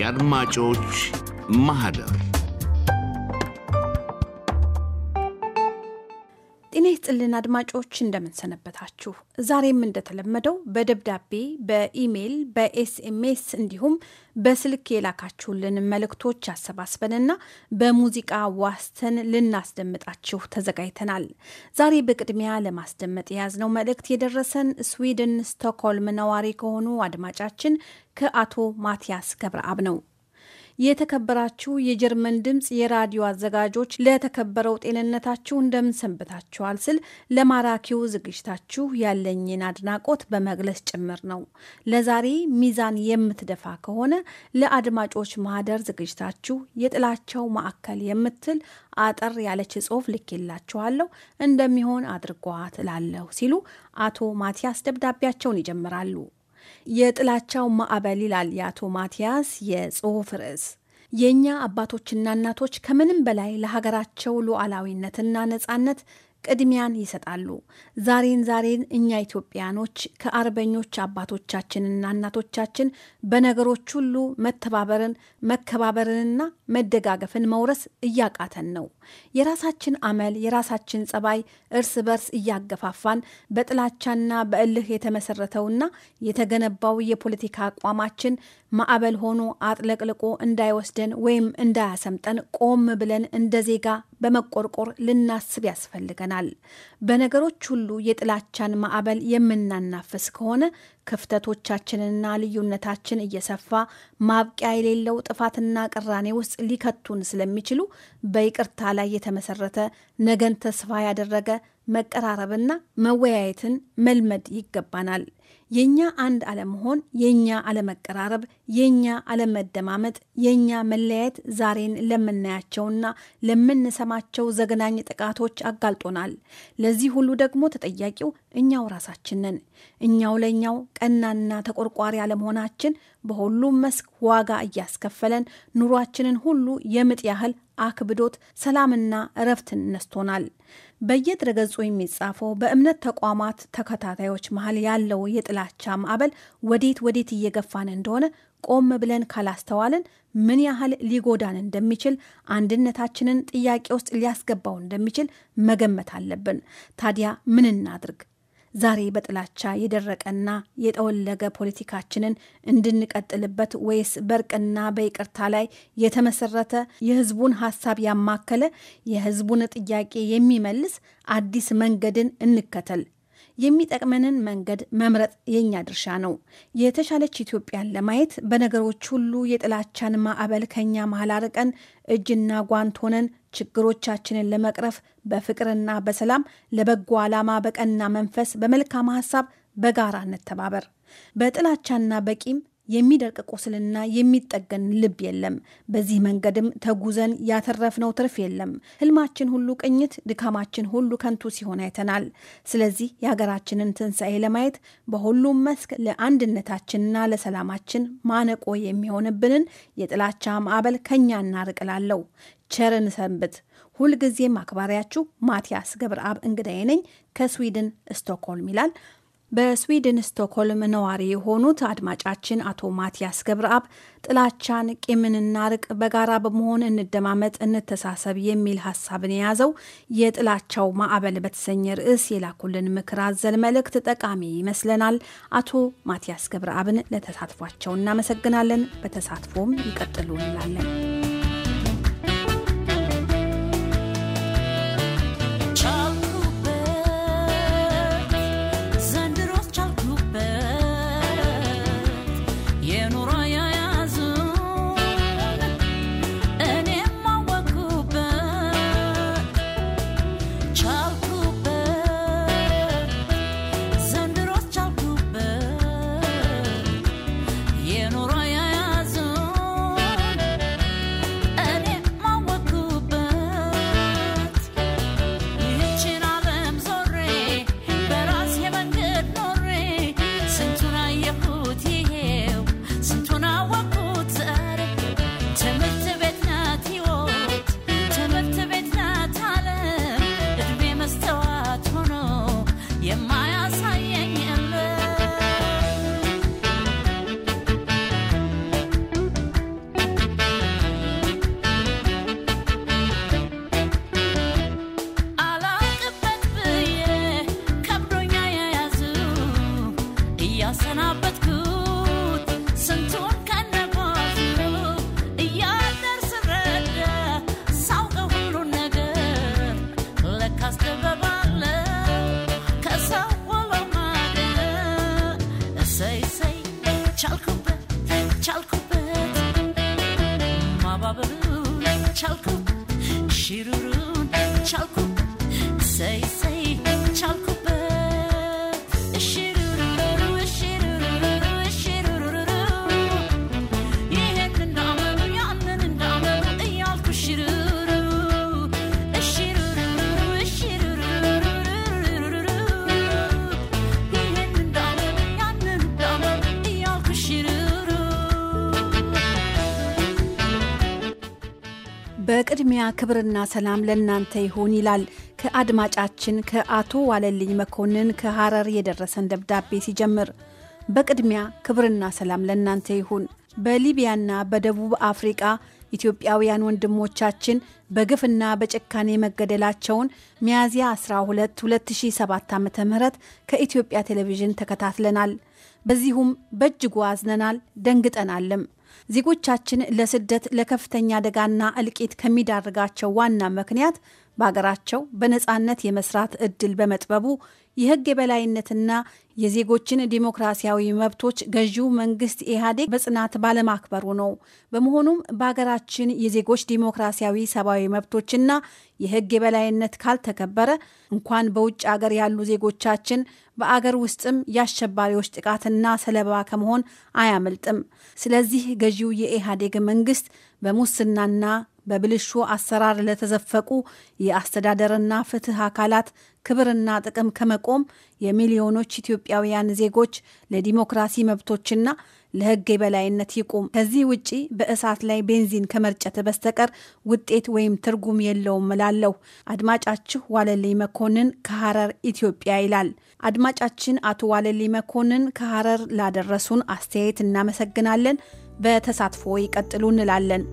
የአድማጮች ማህደር ይስጥልን አድማጮች እንደምንሰነበታችሁ። ዛሬም እንደተለመደው በደብዳቤ በኢሜይል በኤስኤምኤስ እንዲሁም በስልክ የላካችሁልን መልእክቶች አሰባስበንና በሙዚቃ ዋስተን ልናስደምጣችሁ ተዘጋጅተናል። ዛሬ በቅድሚያ ለማስደመጥ የያዝነው መልእክት የደረሰን ስዊድን ስቶክሆልም ነዋሪ ከሆኑ አድማጫችን ከአቶ ማቲያስ ገብረአብ ነው። የተከበራችሁ የጀርመን ድምፅ የራዲዮ አዘጋጆች ለተከበረው ጤንነታችሁ እንደምንሰንብታችኋል ስል ለማራኪው ዝግጅታችሁ ያለኝን አድናቆት በመግለጽ ጭምር ነው። ለዛሬ ሚዛን የምትደፋ ከሆነ ለአድማጮች ማህደር ዝግጅታችሁ የጥላቸው ማዕከል የምትል አጠር ያለች ጽሁፍ ልኬላችኋለሁ እንደሚሆን አድርጓት እላለሁ ሲሉ አቶ ማቲያስ ደብዳቤያቸውን ይጀምራሉ። የጥላቻው ማዕበል ይላል የአቶ ማቲያስ የጽሁፍ ርዕስ። የእኛ አባቶችና እናቶች ከምንም በላይ ለሀገራቸው ሉዓላዊነትና ነጻነት ቅድሚያን ይሰጣሉ። ዛሬን ዛሬን እኛ ኢትዮጵያኖች ከአርበኞች አባቶቻችንና እናቶቻችን በነገሮች ሁሉ መተባበርን፣ መከባበርንና መደጋገፍን መውረስ እያቃተን ነው። የራሳችን አመል፣ የራሳችን ጸባይ እርስ በርስ እያገፋፋን በጥላቻና በእልህ የተመሰረተውና የተገነባው የፖለቲካ አቋማችን ማዕበል ሆኖ አጥለቅልቆ እንዳይወስደን ወይም እንዳያሰምጠን ቆም ብለን እንደ ዜጋ በመቆርቆር ልናስብ ያስፈልገናል። በነገሮች ሁሉ የጥላቻን ማዕበል የምናናፍስ ከሆነ ክፍተቶቻችንና ልዩነታችን እየሰፋ ማብቂያ የሌለው ጥፋትና ቅራኔ ውስጥ ሊከቱን ስለሚችሉ በይቅርታ ላይ የተመሰረተ ነገን ተስፋ ያደረገ መቀራረብና መወያየትን መልመድ ይገባናል። የእኛ አንድ አለመሆን፣ የእኛ አለመቀራረብ፣ የእኛ አለመደማመጥ፣ የእኛ መለያየት ዛሬን ለምናያቸውና ለምንሰማቸው ዘግናኝ ጥቃቶች አጋልጦናል። ለዚህ ሁሉ ደግሞ ተጠያቂው እኛው ራሳችን ነን። እኛው ለእኛው ቀናና ተቆርቋሪ አለመሆናችን በሁሉም መስክ ዋጋ እያስከፈለን ኑሯችንን ሁሉ የምጥ ያህል አክብዶት ሰላምና እረፍትን ነስቶናል። በየድረገጹ የሚጻፈው በእምነት ተቋማት ተከታታዮች መሀል ያለው የጥላቻ ማዕበል ወዴት ወዴት እየገፋን እንደሆነ ቆም ብለን ካላስተዋልን ምን ያህል ሊጎዳን እንደሚችል አንድነታችንን ጥያቄ ውስጥ ሊያስገባው እንደሚችል መገመት አለብን። ታዲያ ምን እናድርግ? ዛሬ በጥላቻ የደረቀና የጠወለገ ፖለቲካችንን እንድንቀጥልበት ወይስ በእርቅና በይቅርታ ላይ የተመሰረተ የህዝቡን ሀሳብ ያማከለ የህዝቡን ጥያቄ የሚመልስ አዲስ መንገድን እንከተል? የሚጠቅመንን መንገድ መምረጥ የእኛ ድርሻ ነው። የተሻለች ኢትዮጵያን ለማየት በነገሮች ሁሉ የጥላቻን ማዕበል ከኛ መሀል አርቀን እጅና ጓንት ሆነን ችግሮቻችንን ለመቅረፍ በፍቅርና በሰላም ለበጎ ዓላማ በቀና መንፈስ በመልካም ሀሳብ በጋራ እንተባበር። በጥላቻና በቂም የሚደርቅ ቁስልና የሚጠገን ልብ የለም። በዚህ መንገድም ተጉዘን ያተረፍነው ትርፍ የለም። ህልማችን ሁሉ ቅኝት፣ ድካማችን ሁሉ ከንቱ ሲሆን አይተናል። ስለዚህ የሀገራችንን ትንሣኤ ለማየት በሁሉም መስክ ለአንድነታችንና ለሰላማችን ማነቆ የሚሆንብንን የጥላቻ ማዕበል ከኛ እናርቅላለው። ቸርን ሰንብት። ሁልጊዜም አክባሪያችሁ ማቲያስ ገብረአብ እንግዳዬ ነኝ ከስዊድን ስቶክሆልም ይላል። በስዊድን ስቶክሆልም ነዋሪ የሆኑት አድማጫችን አቶ ማቲያስ ገብረአብ ጥላቻን፣ ቂምን እናርቅ፣ በጋራ በመሆን እንደማመጥ፣ እንተሳሰብ የሚል ሀሳብን የያዘው የጥላቻው ማዕበል በተሰኘ ርዕስ የላኩልን ምክር አዘል መልእክት ጠቃሚ ይመስለናል። አቶ ማቲያስ ገብረአብን ለተሳትፏቸው እናመሰግናለን። በተሳትፎም ይቀጥሉ እንላለን። በቅድሚያ ክብርና ሰላም ለእናንተ ይሁን ይላል ከአድማጫችን ከአቶ ዋለልኝ መኮንን ከሐረር የደረሰን ደብዳቤ ሲጀምር። በቅድሚያ ክብርና ሰላም ለእናንተ ይሁን። በሊቢያና በደቡብ አፍሪቃ ኢትዮጵያውያን ወንድሞቻችን በግፍና በጭካኔ መገደላቸውን ሚያዝያ 12 2007 ዓ ም ከኢትዮጵያ ቴሌቪዥን ተከታትለናል። በዚሁም በእጅጉ አዝነናል፣ ደንግጠናልም። ዜጎቻችን ለስደት ለከፍተኛ አደጋና እልቂት ከሚዳርጋቸው ዋና ምክንያት በሀገራቸው በነፃነት የመስራት እድል በመጥበቡ የህግ የበላይነትና የዜጎችን ዲሞክራሲያዊ መብቶች ገዢው መንግስት ኢህአዴግ በጽናት ባለማክበሩ ነው። በመሆኑም በሀገራችን የዜጎች ዲሞክራሲያዊ ሰብአዊ መብቶችና የህግ የበላይነት ካልተከበረ እንኳን በውጭ አገር ያሉ ዜጎቻችን በአገር ውስጥም የአሸባሪዎች ጥቃትና ሰለባ ከመሆን አያመልጥም። ስለዚህ ገዢው የኢህአዴግ መንግስት በሙስናና በብልሹ አሰራር ለተዘፈቁ የአስተዳደርና ፍትህ አካላት ክብርና ጥቅም ከመቆም የሚሊዮኖች ኢትዮጵያውያን ዜጎች ለዲሞክራሲ መብቶችና ለሕግ የበላይነት ይቁም። ከዚህ ውጪ በእሳት ላይ ቤንዚን ከመርጨት በስተቀር ውጤት ወይም ትርጉም የለውም እላለሁ። አድማጫችሁ ዋለልኝ መኮንን ከሐረር ኢትዮጵያ ይላል። አድማጫችን አቶ ዋለልኝ መኮንን ከሐረር ላደረሱን አስተያየት እናመሰግናለን። በተሳትፎ ይቀጥሉ እንላለን።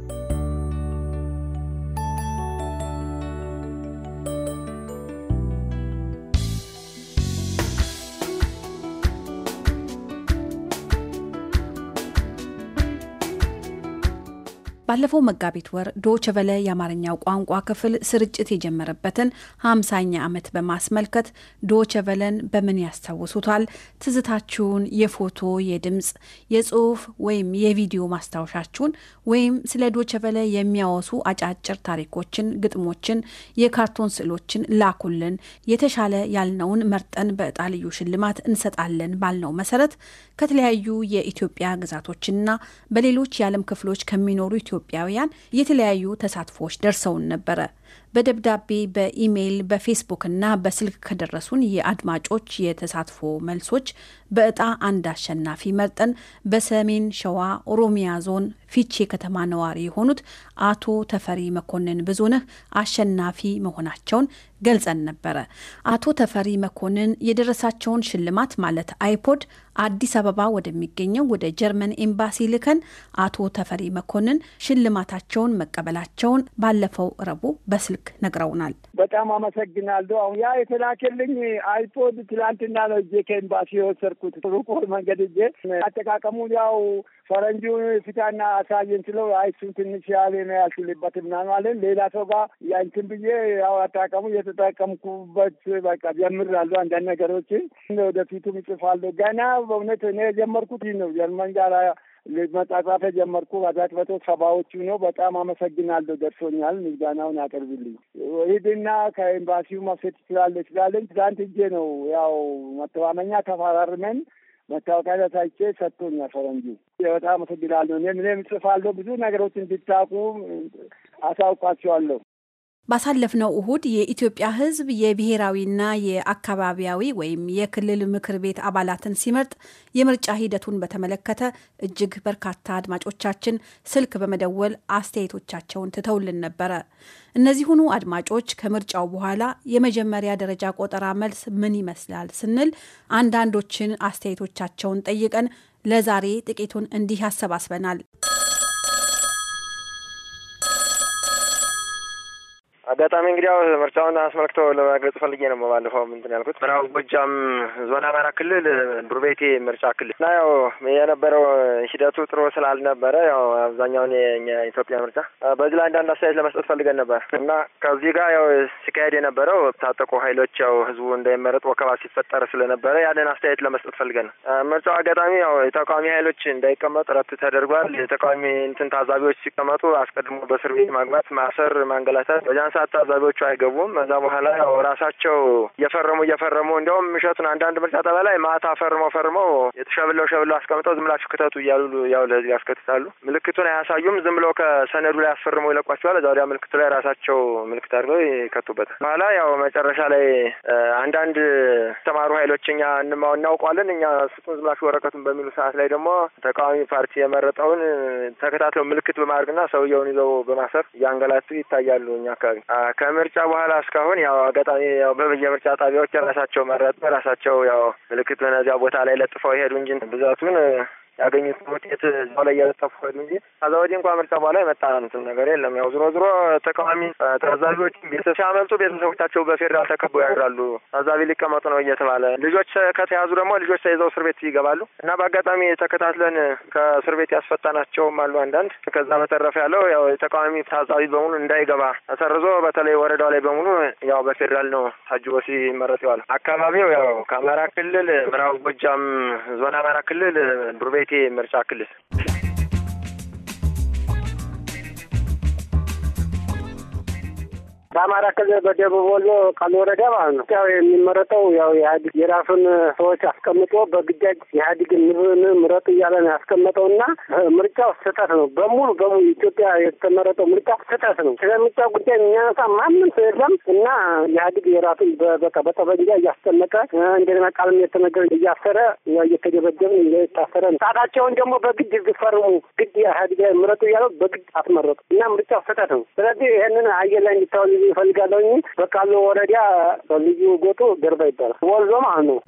ባለፈው መጋቢት ወር ዶችቨለ የአማርኛው ቋንቋ ክፍል ስርጭት የጀመረበትን ሀምሳኛ ዓመት በማስመልከት ዶችቨለን በምን ያስታውሱታል? ትዝታችሁን፣ የፎቶ የድምፅ፣ የጽሁፍ ወይም የቪዲዮ ማስታወሻችሁን ወይም ስለ ዶችቨለ የሚያወሱ አጫጭር ታሪኮችን፣ ግጥሞችን፣ የካርቶን ስዕሎችን ላኩልን። የተሻለ ያልነውን መርጠን በእጣ ልዩ ሽልማት እንሰጣለን ባልነው መሰረት ከተለያዩ የኢትዮጵያ ግዛቶችና በሌሎች የዓለም ክፍሎች ከሚኖሩ ኢትዮ ኢትዮጵያውያን የተለያዩ ተሳትፎዎች ደርሰውን ነበረ። በደብዳቤ በኢሜይል በፌስቡክ እና በስልክ ከደረሱን የአድማጮች የተሳትፎ መልሶች በእጣ አንድ አሸናፊ መርጠን በሰሜን ሸዋ ኦሮሚያ ዞን ፊቼ ከተማ ነዋሪ የሆኑት አቶ ተፈሪ መኮንን ብዙነህ አሸናፊ መሆናቸውን ገልጸን ነበረ። አቶ ተፈሪ መኮንን የደረሳቸውን ሽልማት ማለት አይፖድ አዲስ አበባ ወደሚገኘው ወደ ጀርመን ኤምባሲ ልከን አቶ ተፈሪ መኮንን ሽልማታቸውን መቀበላቸውን ባለፈው ረቡዕ በስልክ ነግረውናል። በጣም አመሰግናለሁ። አሁን ያ የተላከልኝ አይፖድ ትላንትና ነው እጄ ከኤምባሲ የወሰድኩት ሩቁ መንገድ እጄ አጠቃቀሙን ያው ፈረንጁ ፊታና አሳየን ስለው አይሱን ትንሽ ያለ ነው ያልሽልበት ምናምን ሌላ ሰው ጋር ያንችን ብዬ ያው አጠቃቀሙ እየተጠቀምኩበት በቃ ጀምራለሁ። አንዳንድ ነገሮችን ወደፊቱም ይጽፋለሁ። ገና በእውነት እኔ የጀመርኩት ነው ጀርመን ጋር መጻጻፍ የጀመርኩ አዛት መቶ ሰባዎቹ ነው። በጣም አመሰግናለሁ። ደርሶኛል። ምስጋናውን ያቀርብልኝ። ሂድና ከኤምባሲው መፍሰት ትችላለች ስላለኝ ትናንት እጄ ነው ያው መተማመኛ ተፈራርመን መታወቂያ ተሳይቼ ሰጥቶኛል ፈረንጁ። በጣም አመሰግናለሁ። እኔም እኔም እጽፋለሁ ብዙ ነገሮች እንዲታቁ አሳውቃቸዋለሁ። ባሳለፍነው እሁድ የኢትዮጵያ ሕዝብ የብሔራዊና የአካባቢያዊ ወይም የክልል ምክር ቤት አባላትን ሲመርጥ የምርጫ ሂደቱን በተመለከተ እጅግ በርካታ አድማጮቻችን ስልክ በመደወል አስተያየቶቻቸውን ትተውልን ነበረ። እነዚሁኑ አድማጮች ከምርጫው በኋላ የመጀመሪያ ደረጃ ቆጠራ መልስ ምን ይመስላል ስንል አንዳንዶችን አስተያየቶቻቸውን ጠይቀን ለዛሬ ጥቂቱን እንዲህ ያሰባስበናል። አጋጣሚ እንግዲህ ያው ምርጫውን አስመልክቶ ለመግለጽ ፈልጌ ነው። ባለፈው ምንትን ያልኩት ምዕራብ ጎጃም ዞን አማራ ክልል ዱርቤቴ ምርጫ ክልል እና ያው የነበረው ሂደቱ ጥሩ ስላልነበረ ያው አብዛኛውን የኛ ኢትዮጵያ ምርጫ በዚህ ላይ አንዳንድ አስተያየት ለመስጠት ፈልገን ነበር እና ከዚህ ጋር ያው ሲካሄድ የነበረው ታጠቁ ኃይሎች ያው ህዝቡ እንዳይመረጥ ወከባ ሲፈጠር ስለነበረ ያንን አስተያየት ለመስጠት ፈልገን ነው። ምርጫው አጋጣሚ ያው የተቃዋሚ ኃይሎች እንዳይቀመጥ ረት ተደርጓል። የተቃዋሚ እንትን ታዛቢዎች ሲቀመጡ አስቀድሞ በእስር ቤት ማግባት፣ ማሰር፣ ማንገላታት ሰዓት ታዛቢዎቹ አይገቡም። እዛ በኋላ ያው ራሳቸው እየፈረሙ እየፈረሙ እንዲያውም ምሸቱን አንዳንድ ምርጫ ጣቢያ ላይ ማታ ፈርመው ፈርመው የተሸብለው ሸብለው አስቀምጠው ዝም ብላችሁ ክተቱ እያሉ ያው ለህዝብ ያስከትታሉ። ምልክቱን አያሳዩም። ዝም ብለው ከሰነዱ ላይ አስፈርመው ይለቋቸዋል። እዛ ወዲያ ምልክቱ ላይ ራሳቸው ምልክት አድርገው ይከቱበታል። በኋላ ያው መጨረሻ ላይ አንዳንድ ተማሩ ኃይሎች እኛ እናውቋለን እኛ ስጡን ዝም ብላችሁ ወረቀቱን በሚሉ ሰዓት ላይ ደግሞ ተቃዋሚ ፓርቲ የመረጠውን ተከታትለው ምልክት በማድረግና ሰውየውን ይዘው በማሰር እያንገላቱ ይታያሉ። እኛ አካባቢ ከምርጫ በኋላ እስካሁን ያው አጋጣሚ ያው በየምርጫ ጣቢያዎች ራሳቸው መረጡ ራሳቸው ያው ምልክቱን እዚያ ቦታ ላይ ለጥፈው ይሄዱ እንጂ ብዛቱን ያገኙት ውጤት እዛው ላይ እያለጠፉት እንጂ ከዛ ወዲህ እንኳ ምርጫ በኋላ የመጣ እንትን ነገር የለም። ያው ዝሮ ዝሮ ተቃዋሚ ታዛቢዎች ቤተሰብ ሲያመልጡ ቤተሰቦቻቸው በፌዴራል ተከበው ያድራሉ። ታዛቢ ሊቀመጡ ነው እየተባለ ልጆች ከተያዙ ደግሞ ልጆች ተይዘው እስር ቤት ይገባሉ እና በአጋጣሚ ተከታትለን ከእስር ቤት ያስፈታናቸውም አሉ አንዳንድ። ከዛ በተረፈ ያለው ያው የተቃዋሚ ታዛቢ በሙሉ እንዳይገባ ተሰርዞ በተለይ ወረዳው ላይ በሙሉ ያው በፌዴራል ነው ታጅቦ ሲመረጥ ይዋል። አካባቢው ያው ከአማራ ክልል ምዕራብ ጎጃም ዞን አማራ ክልል ዱርቤ በቴ ምርጫ ክልል በአማራ ክልል በደቡብ ወሎ ቃል ወረዳ ማለት ነው። ያው የሚመረጠው ያው ኢህአዲግ የራሱን ሰዎች አስቀምጦ በግዳጅ ኢህአዲግን ምን ምረጡ እያለ ነው ያስቀመጠው እና ምርጫው ስህተት ነው። በሙሉ በሙሉ ኢትዮጵያ የተመረጠው ምርጫ ስህተት ነው። ስለ ምርጫ ጉዳይ የሚያነሳ ማንም ሰው የለም እና ኢህአዲግ የራሱን በቃ በጠበንጃ እያስቀመጠ እንደገና ቃልም የተነገረ እያሰረ እየተደበደብን እየታሰረ ነው። ጣታቸውን ደግሞ በግድ ዝፈርሙ ግድ ኢህአዲግ ምረጡ እያለው በግድ አስመረጡ እና ምርጫው ስህተት ነው። ስለዚህ ይህንን አየር ላይ እንዲታወል ይፈልጋለሁ እ በቃሉ ወረዳ በልዩ ጎጡ ደርባ ይባላል። ወልዞ ማለት ነው።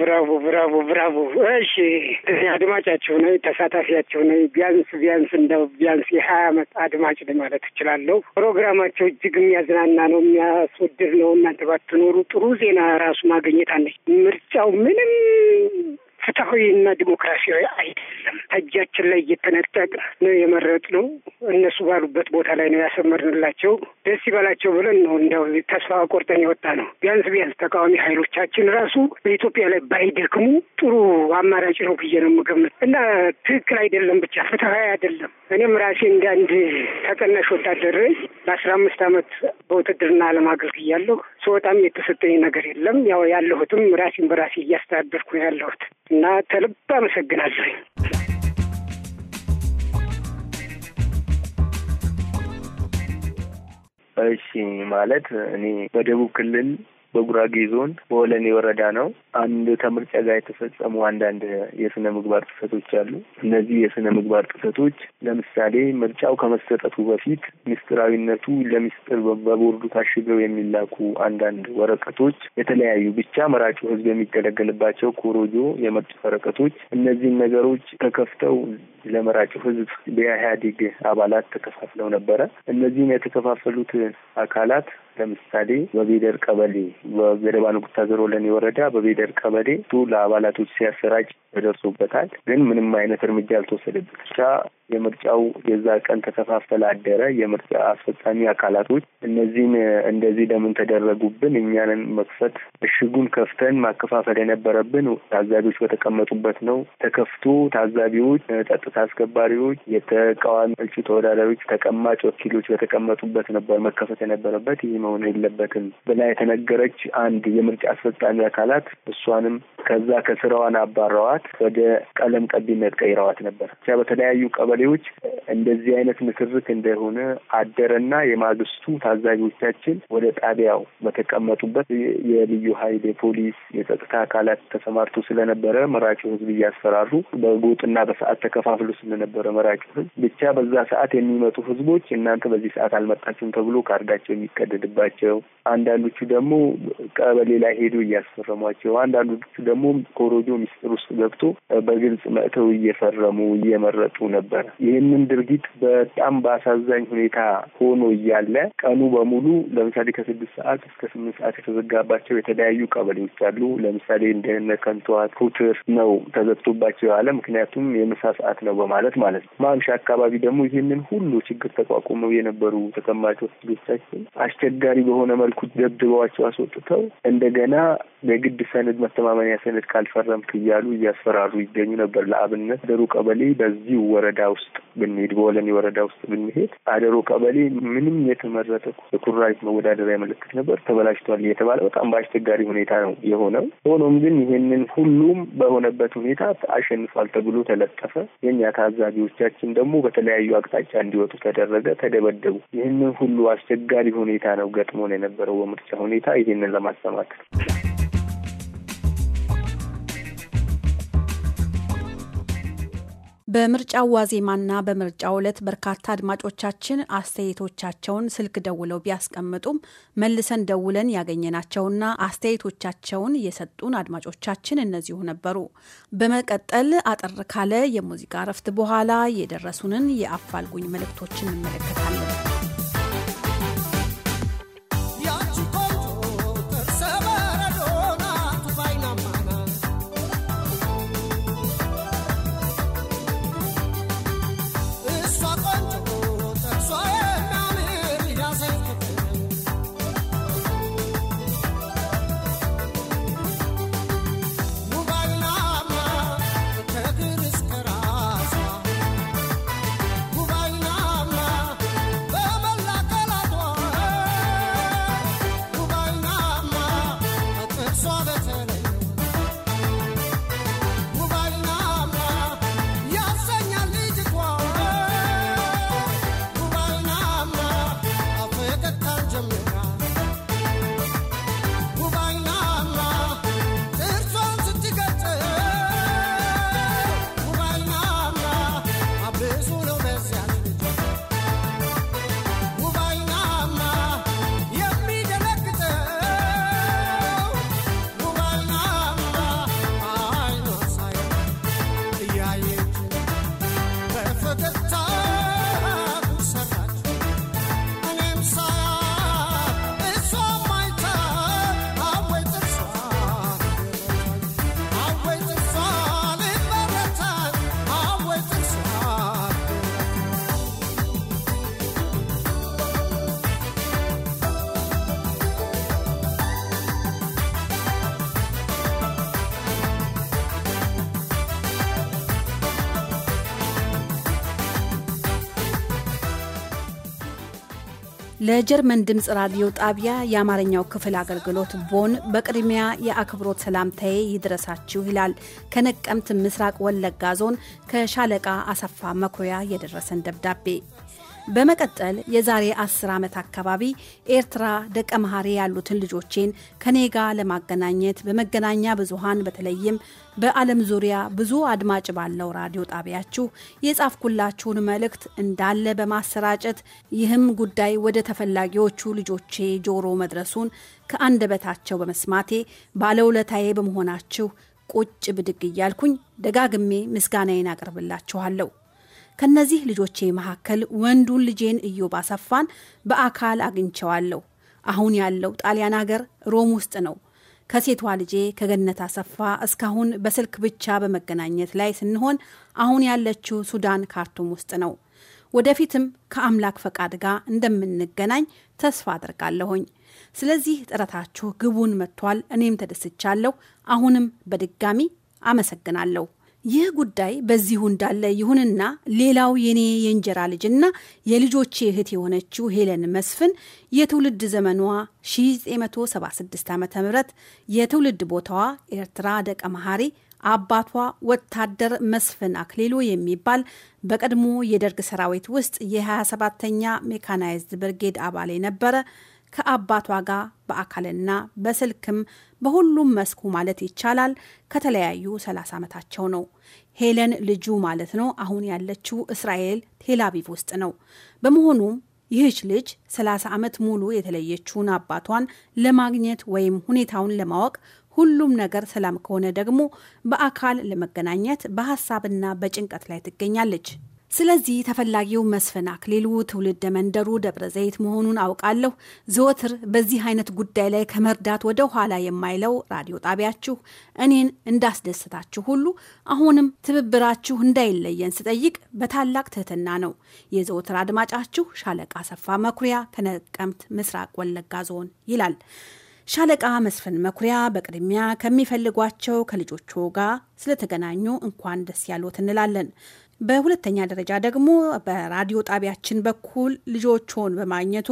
ብራቮ ብራቮ ብራቮ። እሺ አድማጫቸው ነው ተሳታፊያቸው ነው። ቢያንስ ቢያንስ እንደ ቢያንስ የሀያ አመት አድማጭ ማለት እችላለሁ። ፕሮግራማቸው እጅግ የሚያዝናና ነው፣ የሚያስወድድ ነው። እናንተ ባትኖሩ ጥሩ ዜና ራሱ ማግኘት አለች። ምርጫው ምንም ፍትሐዊና ዲሞክራሲያዊ አይደለም። ከእጃችን ላይ እየተነጠቅ ነው የመረጥነው። እነሱ ባሉበት ቦታ ላይ ነው ያሰመርንላቸው። ደስ ይበላቸው ብለን ነው እንዲያው ተስፋ ቆርጠን የወጣ ነው። ቢያንስ ቢያንስ ተቃዋሚ ኃይሎቻችን ራሱ በኢትዮጵያ ላይ ባይደክሙ ጥሩ አማራጭ ነው ብዬ ነው የምገምት እና ትክክል አይደለም፣ ብቻ ፍትሐዊ አይደለም። እኔም ራሴ እንደ አንድ ተቀናሽ ወታደር በአስራ አምስት ዓመት በውትድርና ዓለም አገልግያለሁ። ስወጣም የተሰጠኝ ነገር የለም። ያው ያለሁትም ራሴን በራሴ እያስተዳደርኩ ነው ያለሁት። እና ከልብ አመሰግናለሁ። እሺ ማለት እኔ በደቡብ ክልል በጉራጌ ዞን በወለኔ ወረዳ ነው። አንድ ከምርጫ ጋር የተፈጸሙ አንዳንድ የስነ ምግባር ጥሰቶች አሉ። እነዚህ የስነ ምግባር ጥሰቶች ለምሳሌ ምርጫው ከመሰጠቱ በፊት ምስጢራዊነቱ ለሚስጥር በቦርዱ ታሽገው የሚላኩ አንዳንድ ወረቀቶች የተለያዩ ብቻ መራጩ ሕዝብ የሚገለገልባቸው ኮሮጆ የምርጫ ወረቀቶች እነዚህን ነገሮች ተከፍተው ለመራጩ ሕዝብ በኢህአዴግ አባላት ተከፋፍለው ነበረ። እነዚህን የተከፋፈሉት አካላት ለምሳሌ በቤደር ቀበሌ በገደባ ንኩታ ዞሮ ወረዳ በቤደር ቀበሌ ቱ ለአባላቶች ሲያሰራጭ ተደርሶበታል፣ ግን ምንም አይነት እርምጃ አልተወሰደበት ብቻ የምርጫው የዛ ቀን ተከፋፈለ አደረ። የምርጫ አስፈጻሚ አካላቶች እነዚህን እንደዚህ ለምን ተደረጉብን? እኛንን መክፈት እሽጉን ከፍተን ማከፋፈል የነበረብን ታዛቢዎች በተቀመጡበት ነው። ተከፍቶ ታዛቢዎች፣ ጸጥታ አስከባሪዎች፣ የተቃዋሚ እጩ ተወዳዳሪዎች ተቀማጭ ወኪሎች በተቀመጡበት ነበር መከፈት የነበረበት። ይህ መሆን የለበትም ብላ የተነገረች አንድ የምርጫ አስፈጻሚ አካላት እሷንም ከዛ ከስራዋን አባረዋት ወደ ቀለም ቀቢነት ቀይረዋት ነበር በተለያዩ ቀበሌ አያሌዎች እንደዚህ አይነት ምክርክ እንደሆነ አደረና የማግስቱ ታዛቢዎቻችን ወደ ጣቢያው በተቀመጡበት የልዩ ኃይል የፖሊስ የጸጥታ አካላት ተሰማርቶ ስለነበረ መራቂው ህዝብ እያስፈራሩ በጎጥና በሰዓት ተከፋፍሎ ስለነበረ መራቂው ህዝብ ብቻ በዛ ሰዓት የሚመጡ ህዝቦች እናንተ በዚህ ሰዓት አልመጣችሁም ተብሎ ካርዳቸው የሚቀደድባቸው፣ አንዳንዶቹ ደግሞ ቀበሌ ላይ ሄዶ እያስፈረሟቸው፣ አንዳንዶቹ ደግሞ ኮሮጆ ሚስጥር ውስጥ ገብቶ በግልጽ መጥተው እየፈረሙ እየመረጡ ነበር። ይህንን ድርጊት በጣም በአሳዛኝ ሁኔታ ሆኖ እያለ ቀኑ በሙሉ ለምሳሌ ከስድስት ሰዓት እስከ ስምንት ሰዓት የተዘጋባቸው የተለያዩ ቀበሌዎች አሉ። ለምሳሌ እንደነ ከንቷት፣ ሁትር ነው ተዘግቶባቸው የዋለ ምክንያቱም የምሳ ሰዓት ነው በማለት ማለት ነው። ማምሻ አካባቢ ደግሞ ይህንን ሁሉ ችግር ተቋቁመው የነበሩ ተቀማጭ ወታደሮቻችን አስቸጋሪ በሆነ መልኩ ደብድበዋቸው አስወጥተው እንደገና በግድ ሰነድ መተማመኒያ ሰነድ ካልፈረምክ እያሉ እያስፈራሩ ይገኙ ነበር። ለአብነት ደሩ ቀበሌ በዚሁ ወረዳ ውስጥ ብንሄድ በወለኔ ወረዳ ውስጥ ብንሄድ አደሮ ቀበሌ ምንም የተመረጠ የኩራሪት መወዳደሪያ ምልክት ነበር ተበላሽቷል የተባለ በጣም በአስቸጋሪ ሁኔታ ነው የሆነው። ሆኖም ግን ይህንን ሁሉም በሆነበት ሁኔታ አሸንፏል ተብሎ ተለጠፈ። የኛ ታዛቢዎቻችን ደግሞ በተለያዩ አቅጣጫ እንዲወጡ ተደረገ፣ ተደበደቡ። ይህንን ሁሉ አስቸጋሪ ሁኔታ ነው ገጥሞን የነበረው በምርጫ ሁኔታ ይህንን ለማሰማት በምርጫው ዋዜማና በምርጫው ዕለት በርካታ አድማጮቻችን አስተያየቶቻቸውን ስልክ ደውለው ቢያስቀምጡም መልሰን ደውለን ያገኘናቸውና አስተያየቶቻቸውን የሰጡን አድማጮቻችን እነዚሁ ነበሩ። በመቀጠል አጠር ካለ የሙዚቃ እረፍት በኋላ የደረሱንን የአፋልጉኝ መልእክቶችን እንመለከታለን። a good time. ለጀርመን ድምፅ ራዲዮ ጣቢያ የአማርኛው ክፍል አገልግሎት ቦን በቅድሚያ የአክብሮት ሰላምታዬ ይድረሳችሁ ይላል ከነቀምት ምስራቅ ወለጋ ዞን ከሻለቃ አሰፋ መኩሪያ የደረሰን ደብዳቤ። በመቀጠል የዛሬ አስር ዓመት አካባቢ ኤርትራ ደቀ መሐሪ ያሉትን ልጆቼን ከኔ ጋር ለማገናኘት በመገናኛ ብዙሃን በተለይም በዓለም ዙሪያ ብዙ አድማጭ ባለው ራዲዮ ጣቢያችሁ የጻፍኩላችሁን መልእክት እንዳለ በማሰራጨት ይህም ጉዳይ ወደ ተፈላጊዎቹ ልጆቼ ጆሮ መድረሱን ከአንደበታቸው በመስማቴ ባለውለታዬ በመሆናችሁ ቁጭ ብድግ እያልኩኝ ደጋግሜ ምስጋናዬን አቀርብላችኋለሁ። ከነዚህ ልጆቼ መካከል ወንዱን ልጄን እዮባ አሰፋን በአካል አግኝቸዋለሁ። አሁን ያለው ጣሊያን አገር ሮም ውስጥ ነው። ከሴቷ ልጄ ከገነት አሰፋ እስካሁን በስልክ ብቻ በመገናኘት ላይ ስንሆን አሁን ያለችው ሱዳን ካርቱም ውስጥ ነው። ወደፊትም ከአምላክ ፈቃድ ጋር እንደምንገናኝ ተስፋ አድርጋለሁኝ። ስለዚህ ጥረታችሁ ግቡን መጥቷል። እኔም ተደስቻለሁ። አሁንም በድጋሚ አመሰግናለሁ። ይህ ጉዳይ በዚሁ እንዳለ ይሁንና ሌላው የኔ የእንጀራ ልጅና የልጆቼ እህት የሆነችው ሄለን መስፍን የትውልድ ዘመኗ 1976 ዓ ም የትውልድ ቦታዋ ኤርትራ ደቀ መሐሪ አባቷ ወታደር መስፍን አክሌሎ የሚባል በቀድሞ የደርግ ሰራዊት ውስጥ የ 27 ተኛ ሜካናይዝድ ብርጌድ አባል የነበረ ከአባቷ ጋር በአካልና በስልክም በሁሉም መስኩ ማለት ይቻላል ከተለያዩ 30 ዓመታቸው ነው። ሄለን ልጁ ማለት ነው አሁን ያለችው እስራኤል ቴላቪቭ ውስጥ ነው። በመሆኑም ይህች ልጅ 30 ዓመት ሙሉ የተለየችውን አባቷን ለማግኘት ወይም ሁኔታውን ለማወቅ ሁሉም ነገር ሰላም ከሆነ ደግሞ በአካል ለመገናኘት በሀሳብና በጭንቀት ላይ ትገኛለች። ስለዚህ ተፈላጊው መስፍን አክሊሉ ትውልድ መንደሩ ደብረ ዘይት መሆኑን አውቃለሁ። ዘወትር በዚህ አይነት ጉዳይ ላይ ከመርዳት ወደ ኋላ የማይለው ራዲዮ ጣቢያችሁ እኔን እንዳስደስታችሁ ሁሉ አሁንም ትብብራችሁ እንዳይለየን ስጠይቅ በታላቅ ትህትና ነው። የዘወትር አድማጫችሁ ሻለቃ ሰፋ መኩሪያ ከነቀምት ምስራቅ ወለጋ ዞን ይላል። ሻለቃ መስፍን መኩሪያ በቅድሚያ ከሚፈልጓቸው ከልጆቹ ጋር ስለተገናኙ እንኳን ደስ ያሉት እንላለን። በሁለተኛ ደረጃ ደግሞ በራዲዮ ጣቢያችን በኩል ልጆቹን በማግኘቱ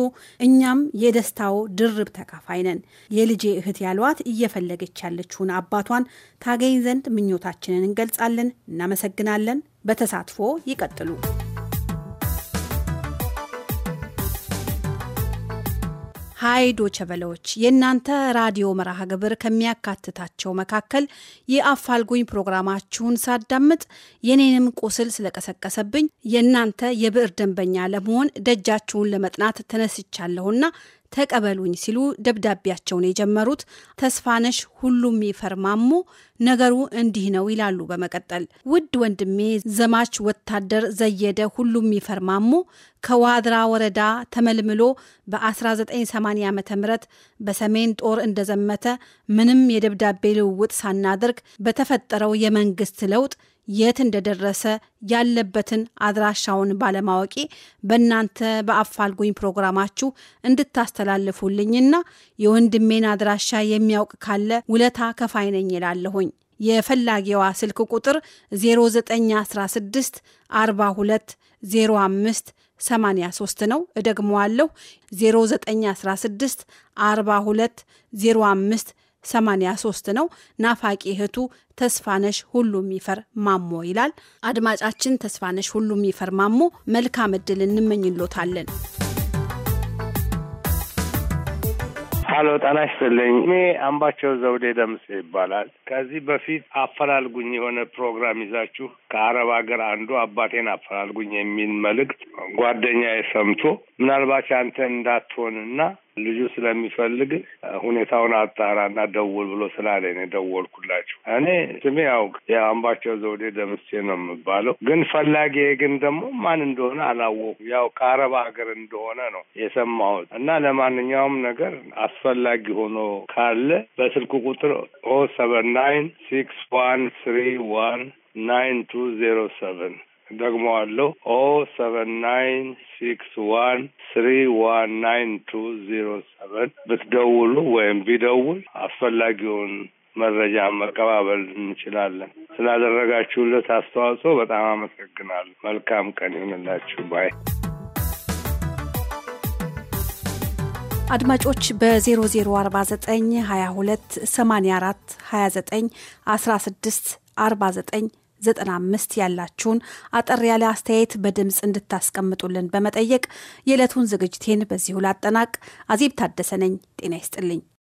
እኛም የደስታው ድርብ ተካፋይ ነን። የልጄ እህት ያሏት እየፈለገች ያለችውን አባቷን ታገኝ ዘንድ ምኞታችንን እንገልጻለን። እናመሰግናለን። በተሳትፎ ይቀጥሉ። ሀይ ዶቸበለዎች የእናንተ ራዲዮ መርሃ ግብር ከሚያካትታቸው መካከል የአፋልጉኝ ፕሮግራማችሁን ሳዳምጥ የኔንም ቁስል ስለቀሰቀሰብኝ የእናንተ የብዕር ደንበኛ ለመሆን ደጃችሁን ለመጥናት ተነስቻለሁና ተቀበሉኝ ሲሉ ደብዳቤያቸውን የጀመሩት ተስፋነሽ ሁሉም ይፈርማሙ ነገሩ እንዲህ ነው ይላሉ። በመቀጠል ውድ ወንድሜ ዘማች ወታደር ዘየደ ሁሉም ይፈርማሙ ከዋድራ ወረዳ ተመልምሎ በ1980 ዓ ም በሰሜን ጦር እንደዘመተ ምንም የደብዳቤ ልውውጥ ሳናደርግ በተፈጠረው የመንግስት ለውጥ የት እንደደረሰ ያለበትን አድራሻውን ባለማወቂ በእናንተ በአፋልጉኝ ፕሮግራማችሁ እንድታስተላልፉልኝና የወንድሜን አድራሻ የሚያውቅ ካለ ውለታ ከፋይ ነኝ ይላለሁኝ። የፈላጊዋ ስልክ ቁጥር 0916 42 05 83 ነው። እደግመዋለሁ 0916 42 05 83 ነው። ናፋቂ እህቱ ተስፋነሽ ሁሉ የሚፈር ማሞ ይላል። አድማጫችን ተስፋነሽ ሁሉም የሚፈር ማሞ መልካም እድል እንመኝሎታለን። አሎ፣ ጤና ይስጥልኝ። እኔ አምባቸው ዘውዴ ደምስ ይባላል። ከዚህ በፊት አፈላልጉኝ የሆነ ፕሮግራም ይዛችሁ ከአረብ ሀገር አንዱ አባቴን አፈላልጉኝ የሚል መልእክት ጓደኛዬ ሰምቶ ምናልባት አንተ እንዳትሆንና ልጁ ስለሚፈልግ ሁኔታውን አጣራና ደውል ብሎ ስላለ ነው የደወልኩላቸው። እኔ ስሜ ያው የአምባቸው ዘውዴ ደምሴ ነው የምባለው፣ ግን ፈላጊ ግን ደግሞ ማን እንደሆነ አላወቁም? ያው ከአረብ ሀገር እንደሆነ ነው የሰማሁት እና ለማንኛውም ነገር አስፈላጊ ሆኖ ካለ በስልክ ቁጥር ኦ ሰቨን ናይን ሲክስ ዋን ስሪ ዋን ናይን ቱ ዜሮ ሰቨን ደግሞ ደግመዋለሁ ኦ ሰቨን ናይን ሲክስ ዋን ስሪ ዋን ናይን ቱ ዜሮ ሰቨን ብትደውሉ ወይም ቢደውል አስፈላጊውን መረጃ መቀባበል እንችላለን። ስላደረጋችሁለት አስተዋጽኦ በጣም አመሰግናለሁ። መልካም ቀን ይሆንላችሁ ባይ አድማጮች በ0049 22 84 29 16 49 95 ያላችሁን አጠር ያለ አስተያየት በድምፅ እንድታስቀምጡልን በመጠየቅ የዕለቱን ዝግጅቴን በዚሁ ላጠናቅ። አዜብ ታደሰ ነኝ። ጤና ይስጥልኝ።